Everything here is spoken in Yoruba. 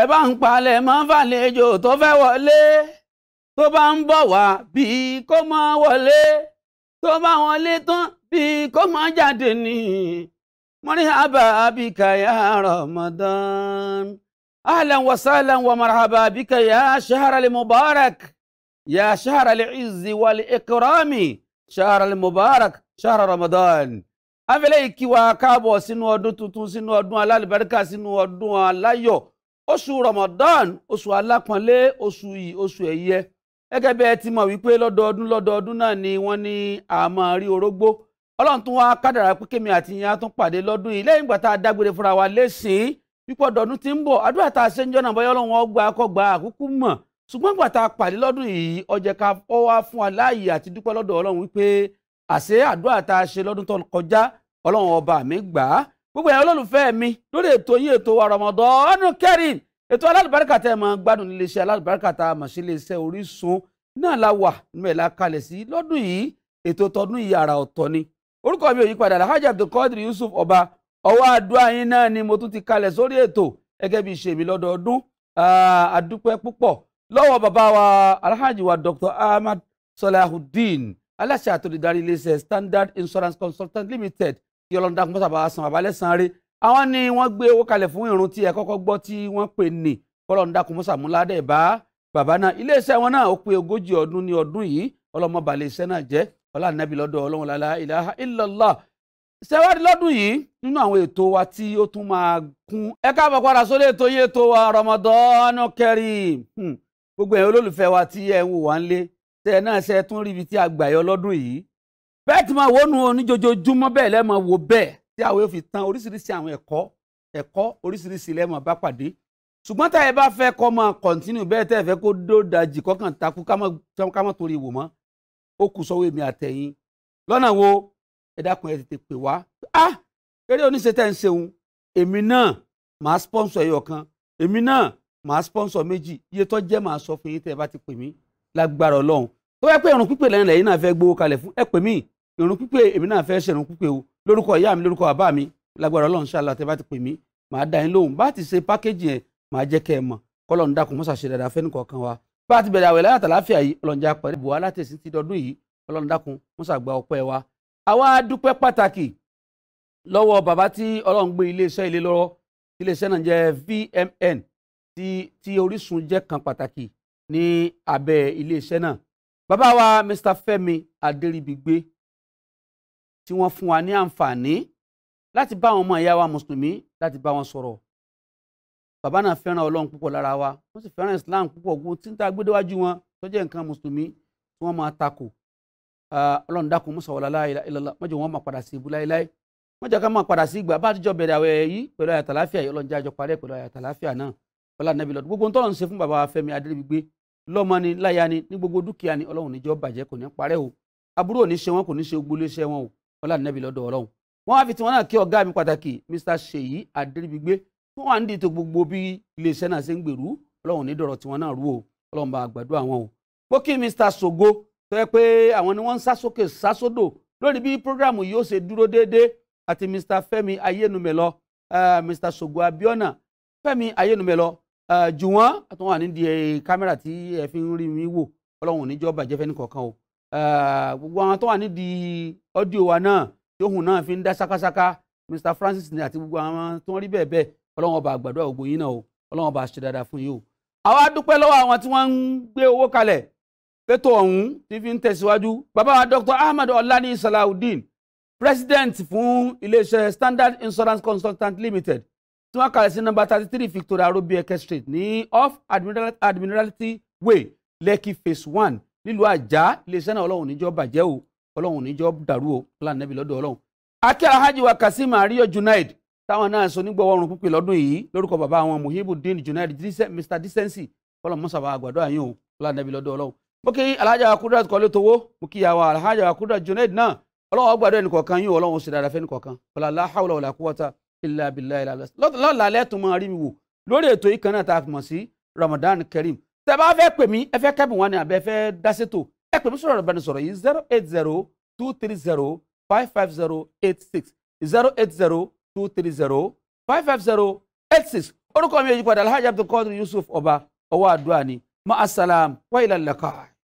ẹ bá ń palẹ̀ mọ́ fàlejò tó fẹ́ wọlé tó bá ń bọ̀ wá bí kó má wọlé tó bá wọlé tán bí kó má jáde ní mọ́ríhábà bíkà Ramadan ahlan wa sahlan wa marhaba bika ya shahr al mubarak ya yá shahral izzi wal ikrami al mubarak shahr Ramadan afẹ́lẹ́ yìí kí wa káàbọ̀ sínú ọdún tuntun sínú ọdún alálùbáríkà sínú alayo. oṣù Ramadan oṣù alápọ̀nlé oṣù yìí oṣù ẹ̀yẹ gẹ́gẹ́ bí ẹ ti mọ̀ wípé lọ́dọọdún lọ́dọọdún náà ni wọn ní àmọ́ rí orógbó Ọlọrun tún Kadara, kádàrá pé kémi àti ìyá tún pàdé lọ́dún yìí lẹ́yìn ìgbà tá a dágbére fúnra wa lesin pípọ̀ dọ̀dún ti ń bọ̀ àdúrà tá a ṣe ń jọ́nà bọ́yọ́ ọlọ́run àkúkú ìgbà tá a pàdé yìí ká wá fún wa láàyè àti ọba mi gbogbo ẹ̀yà olólùfẹ́ mi lórí ètò yín ètò wa Ramadan Kareem ètò alálùbáríkà tẹ́ ẹ máa ń gbádùn níléeṣẹ́ alálùbáríkà tá a mọ̀ sí iléeṣẹ́ Orísun náà la wà nínú ẹ̀ la kalẹ̀ sí lọ́dún yìí ètò tọdún yìí àrà ọ̀tọ̀ ni orúkọ mi ò yípadà Alhaji Abdulkadir Yusuf Ọba ọwọ́ àdúrà yín náà ni mo tún ti kalẹ̀ sórí ètò gẹ́gẹ́ bí ìṣe mi lọ́dọọdún àdúpẹ́ púpọ̀ lọ́wọ́ bàbá wa Alhaji wa Dr. Ahmad Salahuddin aláṣẹ àtòlùdarí iléeṣẹ́ Standard Insurance Consultant Limited kí ọlọ́run dákun bọ́sà bá san àbálẹ̀ san rí àwọn ni wọ́n gbé owó kalẹ̀ fún ìrun tí ẹ kọ́kọ́ gbọ́ tí wọ́n pè ní kọ́lọ́run dákun bọ́sà mú ládẹ̀ bá bàbá náà iléeṣẹ́ wọn náà ó pé ogójì ọdún ní ọdún yìí ọlọ́mọ balẹ̀ iṣẹ́ náà jẹ́ ọlá nàbí lọ́dọ̀ ọlọ́run lálá ilaha illallah ṣẹ́wádìí lọ́dún yìí nínú àwọn ètò wa tí ó tún máa kún ẹ káàbọ̀ padà sórí ètò yìí ètò wa Ramadan Kareem hmm. gbogbo ẹ̀yin olólùfẹ́ wa tí ẹ ń wò wá ń lé tẹ́ ẹ náà ṣe tún ríbi tí a gbà yọ lọ́dún yìí bẹ́ẹ̀ tí máa wò nu oníjojoojúmọ́ bẹ́ẹ̀ lẹ́ẹ̀ máa wò bẹ́ẹ̀ tí àwọn yóò fi tán oríṣiríṣi àwọn ẹ̀kọ́ ẹ̀kọ́ oríṣiríṣi lẹ́ẹ̀ máa bá pàdé ṣùgbọ́n táyẹ̀ bá fẹ́ kọ́ máa kọ̀ntínú bẹ́ẹ̀ tẹ́ fẹ́ kó dódàjì kọ́kàn takú ká má torí wò mọ́ ó kù sọ́wọ́ èmi àtẹ̀yìn lọ́nà wo ẹ dákun ẹ tètè pè wá ah eré oníṣe tẹ́ ń ṣeun èmi náà màá sponsor ẹyọ kan èmi náà màá sponsor méjì iye tó jẹ́ màá sọ fún yín tẹ́ ẹ bá ti pè mí lágbára ọlọ́run tó yẹ pé ìrun pípè lẹ́yìn lẹ́yìn náà fẹ́ gbowó kalẹ̀ fún ẹ pè mí ìrun pípé èmi náà fẹ́ ṣèrun pípé o lórúkọ ìyá mi lórúkọ bàbá mi lágbára ọlọ́run ṣáà látẹ bá ti pè mí màá dá yín lóhùn bá ti ṣe pákéjì yẹn màá jẹ́ kẹ́ ẹ mọ̀ kọ́lọ́run dákun mọ́sà ṣe dáadáa fẹ́ni kọ̀ọ̀kan wa bá a ti bẹ̀rẹ̀ àwẹ̀ láyàtà láfíà yìí ọlọ́run já pẹ̀lú buhari látẹ̀sí ti dọdún yìí ọlọ́run dákun mọ́sà gba ọpẹ́ wa. àwa dúpẹ́ pàtàkì lọ́wọ́ bàbá tí ọlọ́run gbé iléeṣẹ́ ilé lọ́wọ́ iléeṣẹ́ náà jẹ́ VMN tí Orísun jẹ́ kan pàtàkì ní abẹ́ iléeṣẹ́ náà bàbá wa Mr Fẹ́mi Adéríbigbé tí wọ́n fún wa ní àǹfààní láti bá àwọn ọmọ ìyá wa mùsùlùmí láti bá wọn sọ̀rọ̀ bàbá náà fẹ́ràn ọlọ́run púpọ̀ lára wa wọ́n sì fẹ́ràn islam púpọ̀ ogun tí ń ta gbédéwájú wọn tó jẹ́ nǹkan mùsùlùmí tí wọ́n máa takò ọlọ́run dákun musa wàlá láìláìlá mọ́jọ wọn máa padà sí ibú láíláí mọ́jọ ká máa padà sí ìgbà bá àtijọ́ bẹ̀rẹ̀ àwẹ̀ yìí pẹ̀lú àyàtà láfíà yìí ọlọ́run jájọ parẹ́ pẹ̀lú àyàtà láfíà náà wọlá nàbí lọ́dún gbogbo tọ́lọ́ ń ṣe fún bàbá Fẹ́mi Adéríbigbé ni láya ni ní gbogbo dúkìá ni ọlọ́run níjọ́ bàjẹ́ kò ọlá nẹ́bí lọ́dọ̀ ọlọ́run wọ́n á fi tiwọn náà kí ọ̀gá mi pàtàkì Mr Ṣèyí Adébígbé tó wà nídìí tó gbogbo bí iléeṣẹ́ náà ṣe ń gbèrú ọlọ́run ní dọ̀rọ̀ tiwọn náà rú o ọlọ́run bá gbàdúrà wọn o mo kí Mr Sogo tó yẹ pé àwọn ni wọ́n ń sásókè sásódò lórí bí programu yóò ṣe dúró déédéé àti Mr Fẹ́mi Ayénumẹ́lọ Mr Sogo Abiona Fẹ́mi Ayénumẹ́lọ uh, jùwọ́n àtúnwà nídìí kámẹ́rà tí ẹ fi ń rí mi wò ọlọ́run níjọ́ bàjẹ́ fẹ́ni kọ̀ọ̀kan o Eh, gbogbo àwọn tó wà nídìí ọ́díò wa náà tí òun náà fi ń dá ṣákáṣáká Mr Francis ní àti gbogbo àwọn tó ń rí bẹ́ẹ̀ bẹ́ẹ̀ ọlọ́wọ́n bá àgbàdo àgbò yín náà o ọlọ́wọ́n bá ṣe dáadáa fún yín o. àwa dúpẹ́ lọ́wọ́ àwọn tí wọ́n ń gbé owó kalẹ̀ fẹ́tò ọ̀hún tí fi ń tẹ̀síwájú bàbá wa Dr Ahmed Ọláni Salawudeen president fún iléeṣẹ́ Standard Insurance Consultant Limited tí wọ́n kalẹ̀ sí nọ́mbà thirty three Victoria Robieke Street ní off Admiralty Way Lekki phase one nílùú àjà iléeṣẹ́ náà ọlọ́run níjọ́ bàjẹ́ o ọlọ́run níjọ́ dàrú o plan nẹ́bí lọ́dọ̀ ọlọ́run. akẹ́ alhaji wa kasim ariyo junaid táwọn náà sọ nígbà ọrùn pípé lọ́dún yìí lórúkọ bàbá àwọn muhibudin junaid mr decency ọlọ́run mọ́sàbà àgbàdo àyìn o plan nẹ́bí lọ́dọ̀ ọlọ́run. mo kí alhaja wa kudrat kọ́lé towó mo kí yàwá alhaja wa kudrat junaid náà ọlọ́run àgbàdo ẹnìkọ̀ọ̀kan yín ọlọ́run sì dára fẹ́nìkọ̀ọ̀kan ọlá la hawla wala quwwata illa billahi lọ́la lẹ́tùmọ̀ rí mi wò lórí ètò yìí kan náà tá a fi mọ̀ sí Ramadan Kareem tẹ bá fẹ́ pè mí ẹ fẹ́ kẹ́bùn wọn ni àbẹ fẹ́ dáṣètò ẹ pè mí sọ̀rọ̀ ìbáni sọ̀rọ̀ yìí zero eight zero two three zero five five zero eight six zero eight zero two three zero five five zero eight six orúkọ mi yóò yí padà alhaji abdulkadir yusuf ọba ọwọ́ àdúrà ma asalam wa ilà lẹ́kọ̀ọ́.